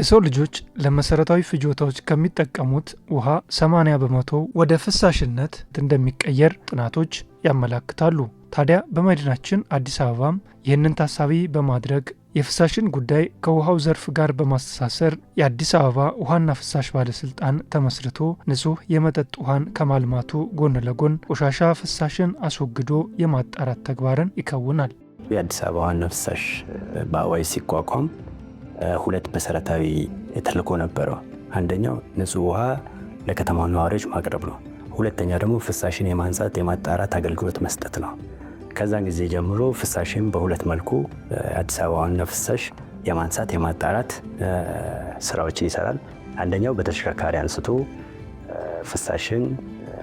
የሰው ልጆች ለመሰረታዊ ፍጆታዎች ከሚጠቀሙት ውሃ 80 በመቶ ወደ ፍሳሽነት እንደሚቀየር ጥናቶች ያመላክታሉ። ታዲያ በመዲናችን አዲስ አበባም ይህንን ታሳቢ በማድረግ የፍሳሽን ጉዳይ ከውሃው ዘርፍ ጋር በማስተሳሰር የአዲስ አበባ ውሃና ፍሳሽ ባለስልጣን ተመስርቶ ንጹህ የመጠጥ ውሃን ከማልማቱ ጎን ለጎን ቆሻሻ ፍሳሽን አስወግዶ የማጣራት ተግባርን ይከውናል። የአዲስ አበባ ውሃና ፍሳሽ በአዋይ ሲቋቋም ሁለት መሰረታዊ ተልዕኮ ነበረው። አንደኛው ንጹህ ውሃ ለከተማ ነዋሪዎች ማቅረብ ነው። ሁለተኛ ደግሞ ፍሳሽን የማንጻት የማጣራት አገልግሎት መስጠት ነው። ከዛን ጊዜ ጀምሮ ፍሳሽን በሁለት መልኩ አዲስ አበባ ዋና ፍሳሽ የማንሳት የማጣራት ስራዎችን ይሰራል። አንደኛው በተሽከርካሪ አንስቶ ፍሳሽን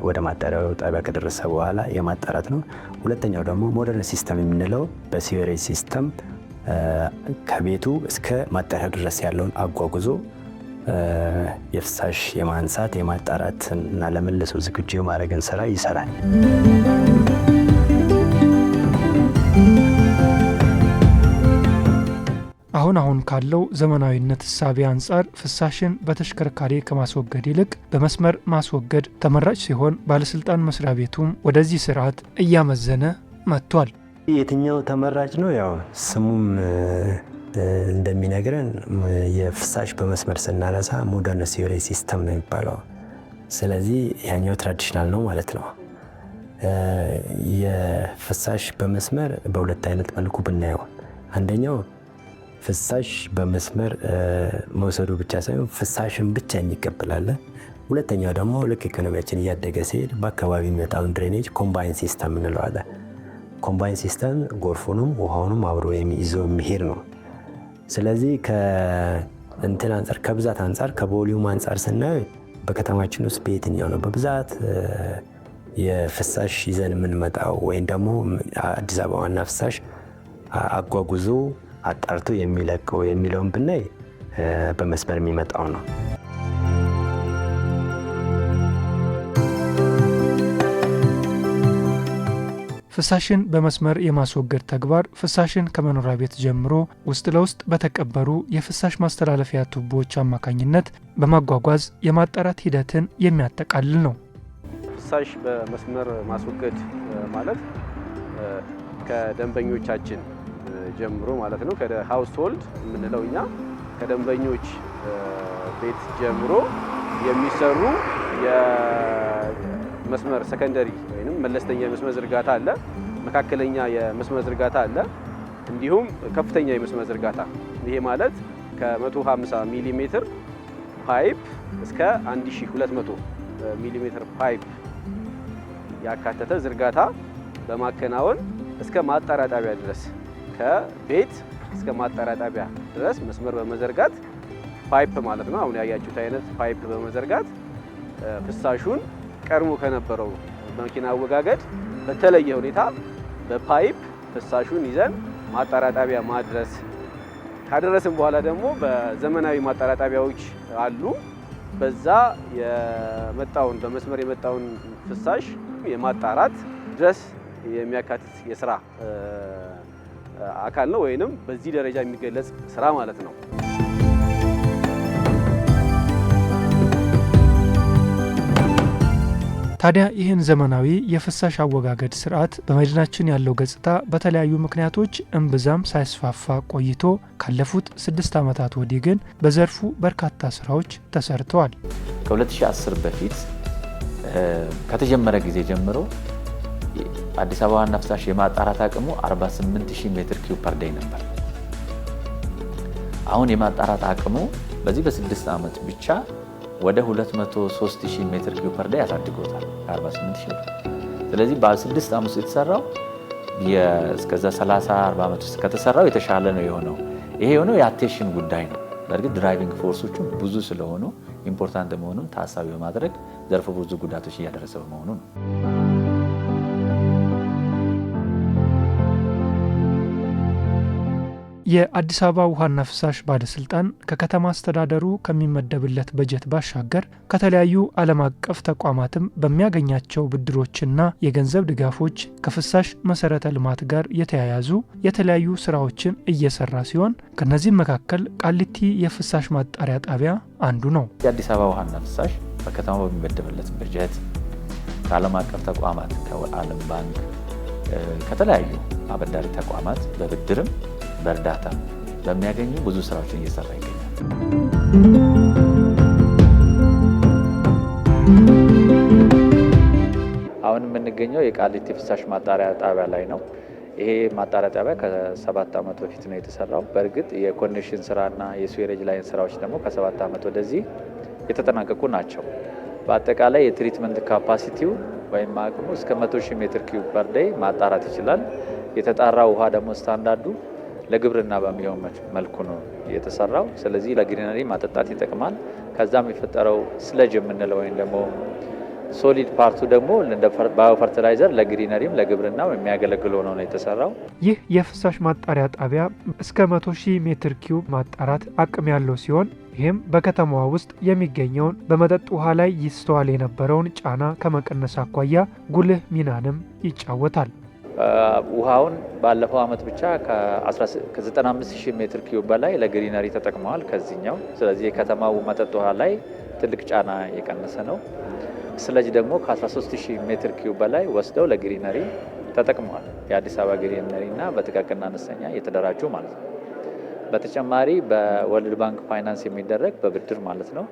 ወደ ማጣሪያው ጣቢያ ከደረሰ በኋላ የማጣራት ነው። ሁለተኛው ደግሞ ሞደርን ሲስተም የምንለው በሲዌሬጅ ሲስተም ከቤቱ እስከ ማጣሪያ ድረስ ያለውን አጓጉዞ የፍሳሽ የማንሳት የማጣራት እና ለመልሶ ዝግጁ የማድረግን ስራ ይሰራል። አሁን አሁን ካለው ዘመናዊነት እሳቤ አንጻር ፍሳሽን በተሽከርካሪ ከማስወገድ ይልቅ በመስመር ማስወገድ ተመራጭ ሲሆን ባለስልጣን መስሪያ ቤቱም ወደዚህ ስርዓት እያመዘነ መጥቷል። የትኛው ተመራጭ ነው? ያው ስሙም እንደሚነግረን የፍሳሽ በመስመር ስናነሳ ሞደርን ሲዌሬጅ ሲስተም ነው የሚባለው። ስለዚህ ያኛው ትራዲሽናል ነው ማለት ነው። የፍሳሽ በመስመር በሁለት አይነት መልኩ ብናየው፣ አንደኛው ፍሳሽ በመስመር መውሰዱ ብቻ ሳይሆን ፍሳሽን ብቻ የሚቀበላለን። ሁለተኛው ደግሞ ልክ ኢኮኖሚያችን እያደገ ሲሄድ በአካባቢ የሚመጣውን ድሬኔጅ ኮምባይን ሲስተም እንለዋለን። ኮምባይን ሲስተም ጎርፉንም ውሃውንም አብሮ የሚይዘው የሚሄድ ነው። ስለዚህ ከእንትን አንጻር ከብዛት አንጻር ከቮሊዩም አንጻር ስናየ በከተማችን ውስጥ በየትኛው ነው በብዛት የፍሳሽ ይዘን የምንመጣው ወይም ደግሞ አዲስ አበባ ዋና ፍሳሽ አጓጉዞ አጣርቶ የሚለቀው የሚለውን ብናይ በመስመር የሚመጣው ነው። ፍሳሽን በመስመር የማስወገድ ተግባር ፍሳሽን ከመኖሪያ ቤት ጀምሮ ውስጥ ለውስጥ በተቀበሩ የፍሳሽ ማስተላለፊያ ቱቦዎች አማካኝነት በማጓጓዝ የማጣራት ሂደትን የሚያጠቃልል ነው። ፍሳሽ በመስመር ማስወገድ ማለት ከደንበኞቻችን ጀምሮ ማለት ነው። ከሃውስሆልድ የምንለው እኛ ከደንበኞች ቤት ጀምሮ የሚሰሩ መስመር ሰከንደሪ ወይም መለስተኛ የመስመር ዝርጋታ አለ፣ መካከለኛ የመስመር ዝርጋታ አለ፣ እንዲሁም ከፍተኛ የመስመር ዝርጋታ። ይሄ ማለት ከ150 ሚሊ ሜትር ፓይፕ እስከ 1200 ሚሊ ሜትር ፓይፕ ያካተተ ዝርጋታ በማከናወን እስከ ማጣሪያ ጣቢያ ድረስ ከቤት እስከ ማጣሪያ ጣቢያ ድረስ መስመር በመዘርጋት ፓይፕ ማለት ነው። አሁን ያያችሁት አይነት ፓይፕ በመዘርጋት ፍሳሹን ቀድሞ ከነበረው መኪና አወጋገድ በተለየ ሁኔታ በፓይፕ ፍሳሹን ይዘን ማጣሪያ ጣቢያ ማድረስ ካደረስን በኋላ ደግሞ በዘመናዊ ማጣሪያ ጣቢያዎች አሉ። በዛ የመጣውን በመስመር የመጣውን ፍሳሽ የማጣራት ድረስ የሚያካትት የስራ አካል ነው፣ ወይንም በዚህ ደረጃ የሚገለጽ ስራ ማለት ነው። ታዲያ ይህን ዘመናዊ የፍሳሽ አወጋገድ ስርዓት በመዲናችን ያለው ገጽታ በተለያዩ ምክንያቶች እምብዛም ሳይስፋፋ ቆይቶ ካለፉት ስድስት ዓመታት ወዲህ ግን በዘርፉ በርካታ ስራዎች ተሰርተዋል። ከ2010 በፊት ከተጀመረ ጊዜ ጀምሮ አዲስ አበባ ዋና ፍሳሽ የማጣራት አቅሙ 48000 ሜትር ኪዩብ ፐር ዴይ ነበር። አሁን የማጣራት አቅሙ በዚህ በስድስት ዓመት ብቻ ወደ 23000 ሜትር ኪዩብ ፐር ዴይ አሳድጎታል። 48000 ስለዚህ በ6 ዓመት ውስጥ የተሰራው እስከዛ 30 40 ዓመት ውስጥ ከተሰራው የተሻለ ነው የሆነው። ይሄ የሆነው የአቴንሽን ጉዳይ ነው። በእርግጥ ድራይቪንግ ፎርሶቹ ብዙ ስለሆኑ ኢምፖርታንት መሆኑን ታሳቢ በማድረግ ዘርፈ ብዙ ጉዳቶች እያደረሰ በመሆኑ ነው። የአዲስ አበባ ውሃና ፍሳሽ ባለስልጣን ከከተማ አስተዳደሩ ከሚመደብለት በጀት ባሻገር ከተለያዩ ዓለም አቀፍ ተቋማትም በሚያገኛቸው ብድሮችና የገንዘብ ድጋፎች ከፍሳሽ መሰረተ ልማት ጋር የተያያዙ የተለያዩ ስራዎችን እየሰራ ሲሆን ከእነዚህም መካከል ቃሊቲ የፍሳሽ ማጣሪያ ጣቢያ አንዱ ነው። የአዲስ አበባ ውሃና ፍሳሽ በከተማ በሚመደብለት በጀት ከዓለም አቀፍ ተቋማት ከዓለም ባንክ ከተለያዩ አበዳሪ ተቋማት በብድርም በእርዳታ በሚያገኙ ብዙ ስራዎችን እየሰራ ይገኛል። አሁን የምንገኘው የቃሊቲ ፍሳሽ ማጣሪያ ጣቢያ ላይ ነው። ይሄ ማጣሪያ ጣቢያ ከሰባት ዓመት በፊት ነው የተሰራው። በእርግጥ የኮንዲሽን ስራና የስዌሬጅ ላይን ስራዎች ደግሞ ከሰባት ዓመት ወደዚህ የተጠናቀቁ ናቸው። በአጠቃላይ የትሪትመንት ካፓሲቲው ወይም አቅሙ እስከ 100 ሺህ ሜትር ኪዩብ ፐር ዴይ ማጣራት ይችላል። የተጣራ ውሃ ደግሞ ስታንዳርዱ ለግብርና በሚሆን መልኩ ነው የተሰራው። ስለዚህ ለግሪነሪ ማጠጣት ይጠቅማል። ከዛም የፈጠረው ስለጅ የምንለው ወይም ደግሞ ሶሊድ ፓርቱ ደግሞ ፈርቲላይዘር ለግሪነሪም ለግብርናም የሚያገለግል ሆኖ ነው የተሰራው። ይህ የፍሳሽ ማጣሪያ ጣቢያ እስከ 100 ሺህ ሜትር ኪዩብ ማጣራት አቅም ያለው ሲሆን ይህም በከተማዋ ውስጥ የሚገኘውን በመጠጥ ውሃ ላይ ይስተዋል የነበረውን ጫና ከመቀነስ አኳያ ጉልህ ሚናንም ይጫወታል። ውሃውን ባለፈው ዓመት ብቻ ከ95 ሜትር ኪዩብ በላይ ለግሪነሪ ተጠቅመዋል ከዚህኛው። ስለዚህ የከተማው መጠጥ ውሃ ላይ ትልቅ ጫና የቀነሰ ነው። ስለዚህ ደግሞ ከ13 ሜትር ኪዩብ በላይ ወስደው ለግሪነሪ ተጠቅመዋል። የአዲስ አበባ ግሪነሪ እና በጥቃቅንና አነስተኛ እየተደራጁ ማለት ነው። በተጨማሪ በወርልድ ባንክ ፋይናንስ የሚደረግ በብድር ማለት ነው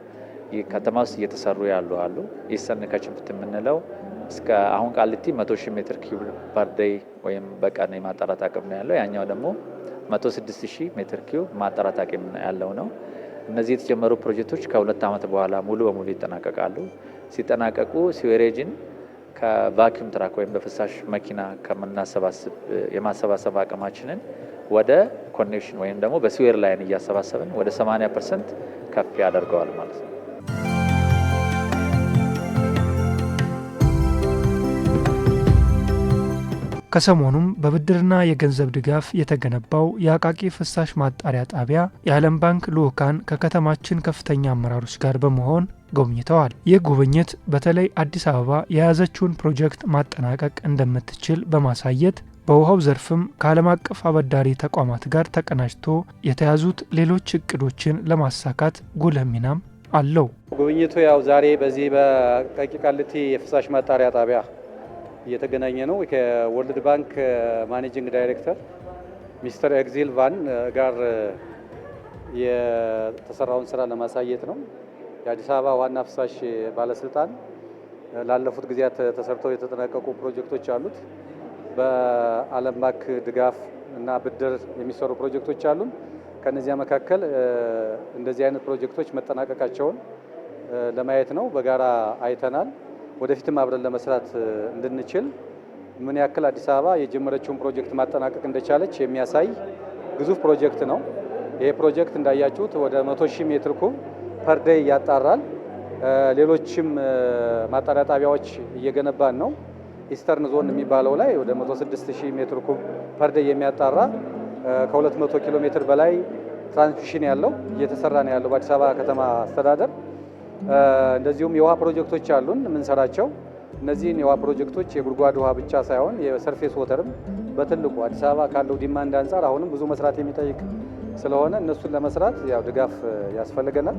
ከተማ ውስጥ እየተሰሩ ያሉ አሉ። ኢስተርን ከችፕት የምንለው እስከ አሁን ቃሊቲ 100 ሺ ሜትር ኪዩብ ፐርደይ ወይም በቀን የማጣራት አቅም ነው ያለው። ያኛው ደግሞ መቶ ሺህ ሜትር ኪዩብ ማጣራት አቅም ያለው ነው። እነዚህ የተጀመሩ ፕሮጀክቶች ከሁለት ዓመት በኋላ ሙሉ በሙሉ ይጠናቀቃሉ። ሲጠናቀቁ ሲዌሬጅን ከቫኪዩም ትራክ ወይም በፍሳሽ መኪና ከምናሰባስብ የማሰባሰብ አቅማችንን ወደ ኮኔክሽን ወይም ደግሞ በሲዌር ላይን እያሰባሰብን ወደ 80 ፐርሰንት ከፍ ያደርገዋል ማለት ነው። ከሰሞኑም በብድርና የገንዘብ ድጋፍ የተገነባው የአቃቂ ፍሳሽ ማጣሪያ ጣቢያ የዓለም ባንክ ልዑካን ከከተማችን ከፍተኛ አመራሮች ጋር በመሆን ጎብኝተዋል። ይህ ጉብኝት በተለይ አዲስ አበባ የያዘችውን ፕሮጀክት ማጠናቀቅ እንደምትችል በማሳየት በውሃው ዘርፍም ከዓለም አቀፍ አበዳሪ ተቋማት ጋር ተቀናጅቶ የተያዙት ሌሎች እቅዶችን ለማሳካት ጉልህ ሚናም አለው። ጉብኝቱ ያው ዛሬ በዚህ በአቃቂ ቃሊቲ የፍሳሽ ማጣሪያ ጣቢያ እየተገናኘ ነው። ከወርልድ ባንክ ማኔጂንግ ዳይሬክተር ሚስተር ኤግዚል ቫን ጋር የተሰራውን ስራ ለማሳየት ነው። የአዲስ አበባ ዋና ፍሳሽ ባለስልጣን ላለፉት ጊዜያት ተሰርተው የተጠናቀቁ ፕሮጀክቶች አሉት። በዓለም ባንክ ድጋፍ እና ብድር የሚሰሩ ፕሮጀክቶች አሉን። ከነዚያ መካከል እንደዚህ አይነት ፕሮጀክቶች መጠናቀቃቸውን ለማየት ነው። በጋራ አይተናል። ወደፊትም አብረን ለመስራት እንድንችል ምን ያክል አዲስ አበባ የጀመረችውን ፕሮጀክት ማጠናቀቅ እንደቻለች የሚያሳይ ግዙፍ ፕሮጀክት ነው። ይሄ ፕሮጀክት እንዳያችሁት ወደ መቶ ሺህ ሜትር ኩብ ፐር ዴይ ያጣራል። ሌሎችም ማጣሪያ ጣቢያዎች እየገነባን ነው። ኢስተርን ዞን የሚባለው ላይ ወደ 106000 ሜትር ኩብ ፐር ዴይ የሚያጣራ ከ200 ኪሎ ሜትር በላይ ትራንስሚሽን ያለው እየተሰራ ነው ያለው በአዲስ አበባ ከተማ አስተዳደር እንደዚሁም የውሃ ፕሮጀክቶች አሉን የምንሰራቸው። እነዚህን የውሃ ፕሮጀክቶች የጉድጓድ ውሃ ብቻ ሳይሆን የሰርፌስ ወተርም በትልቁ አዲስ አበባ ካለው ዲማንድ አንጻር አሁንም ብዙ መስራት የሚጠይቅ ስለሆነ እነሱን ለመስራት ያው ድጋፍ ያስፈልገናል።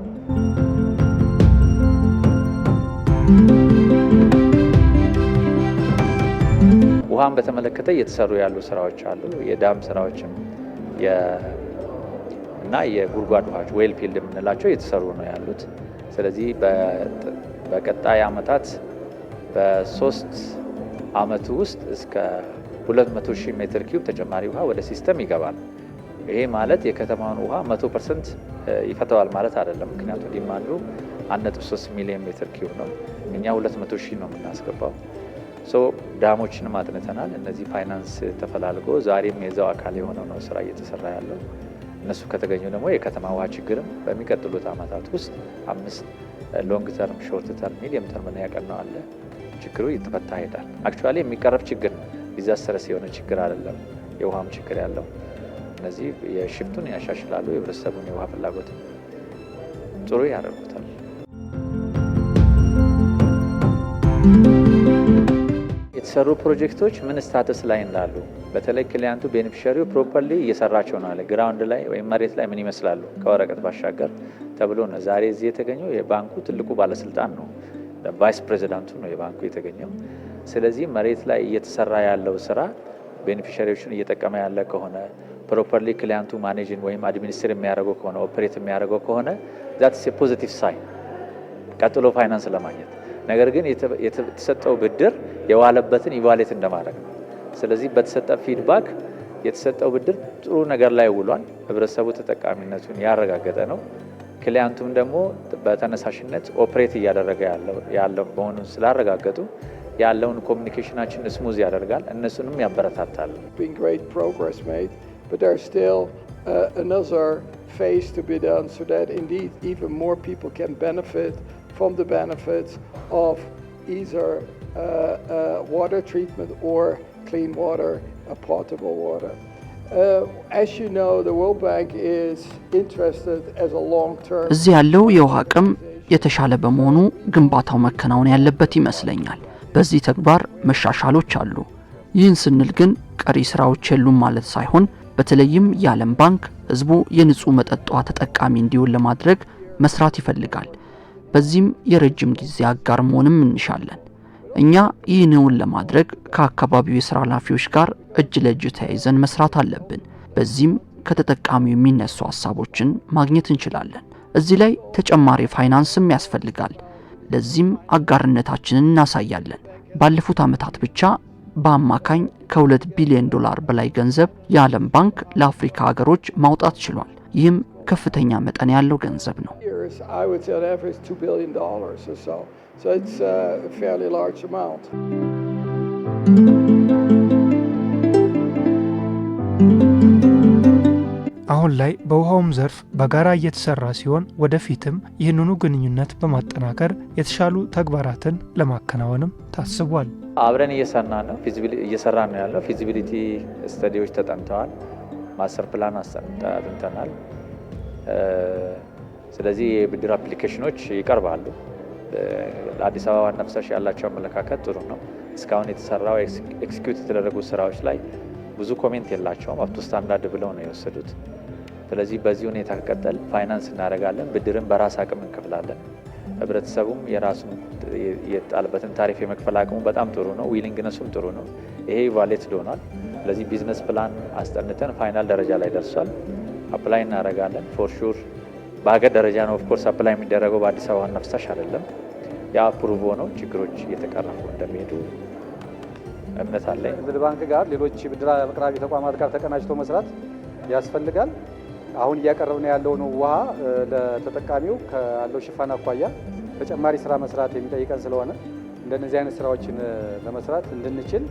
ውሃን በተመለከተ እየተሰሩ ያሉ ስራዎች አሉ። የዳም ስራዎችም እና የጉድጓድ ውሃዎች ዌል ፊልድ የምንላቸው እየተሰሩ ነው ያሉት። ስለዚህ በቀጣይ ዓመታት በሶስት ዓመቱ ውስጥ እስከ 200 ሺህ ሜትር ኪዩብ ተጨማሪ ውሃ ወደ ሲስተም ይገባል። ይሄ ማለት የከተማውን ውሃ 100 ፐርሰንት ይፈተዋል ማለት አይደለም። ምክንያቱም ዲማንዱ 1.3 ሚሊዮን ሜትር ኪዩብ ነው። እኛ 200 ሺህ ነው የምናስገባው። ሶ ዳሞችንም አጥንተናል። እነዚህ ፋይናንስ ተፈላልጎ ዛሬም የዛው አካል የሆነው ነው ስራ እየተሰራ ያለው። እነሱ ከተገኙ ደግሞ የከተማ ውሃ ችግርም በሚቀጥሉት ዓመታት ውስጥ አምስት ሎንግ ተርም፣ ሾርት ተርም፣ ሚዲየም ተርም እና ያቀናው አለ ችግሩ ይተፈታ ይሄዳል። አክቹዋሊ የሚቀረብ ችግር ነው። ዲዛስተረስ የሆነ ችግር አይደለም የውሃም ችግር ያለው እነዚህ የሽፍቱን ያሻሽላሉ። የህብረተሰቡን የውሃ ፍላጎት ጥሩ ያደርጉታል። የተሰሩ ፕሮጀክቶች ምን ስታትስ ላይ እንዳሉ በተለይ ክሊያንቱ ቤኔፊሻሪው ፕሮፐርሊ እየሰራቸው ነው አለ ግራውንድ ላይ ወይም መሬት ላይ ምን ይመስላሉ ከወረቀት ባሻገር ተብሎ ነው ዛሬ እዚህ የተገኘው። የባንኩ ትልቁ ባለስልጣን ነው፣ ቫይስ ፕሬዚዳንቱ ነው የባንኩ የተገኘው። ስለዚህ መሬት ላይ እየተሰራ ያለው ስራ ቤኔፊሻሪዎችን እየጠቀመ ያለ ከሆነ ፕሮፐርሊ ክሊያንቱ ማኔጅን ወይም አድሚኒስትር የሚያደርገው ከሆነ ኦፕሬት የሚያደርገው ከሆነ ፖዚቲቭ ሳይን ቀጥሎ ፋይናንስ ለማግኘት ነገር ግን የተሰጠው ብድር የዋለበትን ኢቫሌት እንደማድረግ ነው። ስለዚህ በተሰጠ ፊድባክ የተሰጠው ብድር ጥሩ ነገር ላይ ውሏል፣ ህብረተሰቡ ተጠቃሚነቱን ያረጋገጠ ነው። ክሊያንቱም ደግሞ በተነሳሽነት ኦፕሬት እያደረገ ያለው መሆኑን ስላረጋገጡ ያለውን ኮሚኒኬሽናችን ስሙዝ ያደርጋል፣ እነሱንም ያበረታታል። uh, another phase to ን ን so that indeed from the benefits of either uh, uh, water treatment or clean water, uh, potable water. Uh, as you know, the World Bank is interested as a long term. እዚህ ያለው የውሃ አቅም የተሻለ በመሆኑ ግንባታው መከናወን ያለበት ይመስለኛል። በዚህ ተግባር መሻሻሎች አሉ። ይህን ስንል ግን ቀሪ ስራዎች የሉም ማለት ሳይሆን በተለይም የዓለም ባንክ ህዝቡ የንጹህ መጠጥ ውሃ ተጠቃሚ እንዲሆን ለማድረግ መስራት ይፈልጋል። በዚህም የረጅም ጊዜ አጋር መሆንም እንሻለን። እኛ ይህንውን ለማድረግ ከአካባቢው የስራ ኃላፊዎች ጋር እጅ ለእጅ ተያይዘን መስራት አለብን። በዚህም ከተጠቃሚው የሚነሱ ሀሳቦችን ማግኘት እንችላለን። እዚህ ላይ ተጨማሪ ፋይናንስም ያስፈልጋል። ለዚህም አጋርነታችንን እናሳያለን። ባለፉት ዓመታት ብቻ በአማካኝ ከሁለት ቢሊዮን ዶላር በላይ ገንዘብ የዓለም ባንክ ለአፍሪካ ሀገሮች ማውጣት ችሏል። ይህም ከፍተኛ መጠን ያለው ገንዘብ ነው። years, I would say on average $2 billion or so. So it's uh, a fairly large amount. አሁን ላይ በውሃውም ዘርፍ በጋራ እየተሰራ ሲሆን ወደፊትም ይህንኑ ግንኙነት በማጠናከር የተሻሉ ተግባራትን ለማከናወንም ታስቧል። አብረን እየሰራ ነው እየሰራ ነው ያለው። ፊዚቢሊቲ ስተዲዎች ተጠንተዋል። ማስተር ፕላን አጥንተናል። ስለዚህ የብድር አፕሊኬሽኖች ይቀርባሉ። ለአዲስ አበባ ዋና ፍሳሽ ያላቸው አመለካከት ጥሩ ነው። እስካሁን የተሰራው ኤክስኪዩት የተደረጉ ስራዎች ላይ ብዙ ኮሜንት የላቸውም። አፕቱ ስታንዳርድ ብለው ነው የወሰዱት። ስለዚህ በዚህ ሁኔታ ከቀጠል ፋይናንስ እናደርጋለን፣ ብድርን በራስ አቅም እንከፍላለን። ህብረተሰቡም የራሱን የጣልበትን ታሪፍ የመክፈል አቅሙ በጣም ጥሩ ነው። ዊሊንግነሱም ጥሩ ነው። ይሄ ቫሌት ዶናል። ስለዚህ ቢዝነስ ፕላን አስጠንተን ፋይናል ደረጃ ላይ ደርሷል። አፕላይ እናደርጋለን ፎር ሹር በሀገር ደረጃ ነው ኦፍኮርስ አፕላይ የሚደረገው በአዲስ አበባ ነፍሳሽ ፍሳሽ አይደለም። ያ ሆነው ችግሮች እየተቀረፉ እንደሚሄዱ እምነት አለኝ። ንግድ ባንክ ጋር ሌሎች ብድር አቅራቢ ተቋማት ጋር ተቀናጅቶ መስራት ያስፈልጋል። አሁን እያቀረብን ያለውን ውሃ ለተጠቃሚው ካለው ሽፋን አኳያ ተጨማሪ ስራ መስራት የሚጠይቀን ስለሆነ እንደነዚህ አይነት ስራዎችን ለመስራት እንድንችል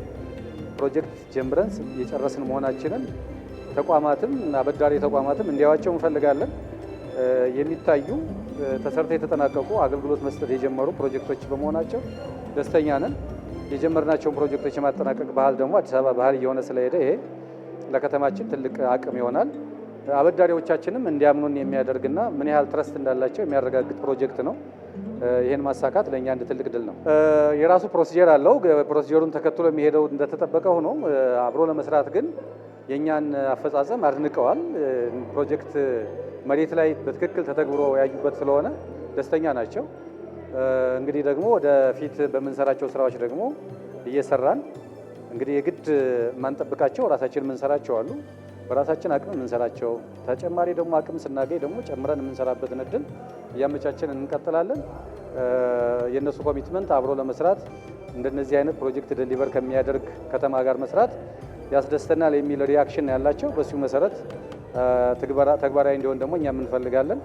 ፕሮጀክት ጀምረን የጨረስን መሆናችንን ተቋማትም አበዳሪ ተቋማትም እንዲያዋቸው እንፈልጋለን። የሚታዩ ተሰርተው የተጠናቀቁ አገልግሎት መስጠት የጀመሩ ፕሮጀክቶች በመሆናቸው ደስተኛ ነን። የጀመርናቸውን ፕሮጀክቶች የማጠናቀቅ ባህል ደግሞ አዲስ አበባ ባህል እየሆነ ስለሄደ ይሄ ለከተማችን ትልቅ አቅም ይሆናል። አበዳሪዎቻችንም እንዲያምኑን የሚያደርግና ምን ያህል ትረስት እንዳላቸው የሚያረጋግጥ ፕሮጀክት ነው። ይህን ማሳካት ለእኛ እንደ ትልቅ ድል ነው። የራሱ ፕሮሲጀር አለው። ፕሮሲጀሩን ተከትሎ የሚሄደው እንደተጠበቀ ሆኖ አብሮ ለመስራት ግን የእኛን አፈጻጸም አድንቀዋል። ፕሮጀክት መሬት ላይ በትክክል ተተግብሮ ያዩበት ስለሆነ ደስተኛ ናቸው። እንግዲህ ደግሞ ወደፊት በምንሰራቸው ስራዎች ደግሞ እየሰራን እንግዲህ የግድ የማንጠብቃቸው ራሳችን የምንሰራቸው አሉ። በራሳችን አቅም የምንሰራቸው ተጨማሪ ደግሞ አቅም ስናገኝ ደግሞ ጨምረን የምንሰራበትን እድል እያመቻችን እንቀጥላለን። የእነሱ ኮሚትመንት አብሮ ለመስራት እንደነዚህ አይነት ፕሮጀክት ደሊቨር ከሚያደርግ ከተማ ጋር መስራት ያስደስተናል የሚል ሪያክሽን ያላቸው በዚሁ መሰረት ተግባራዊ እንዲሆን ደግሞ እኛም እንፈልጋለን።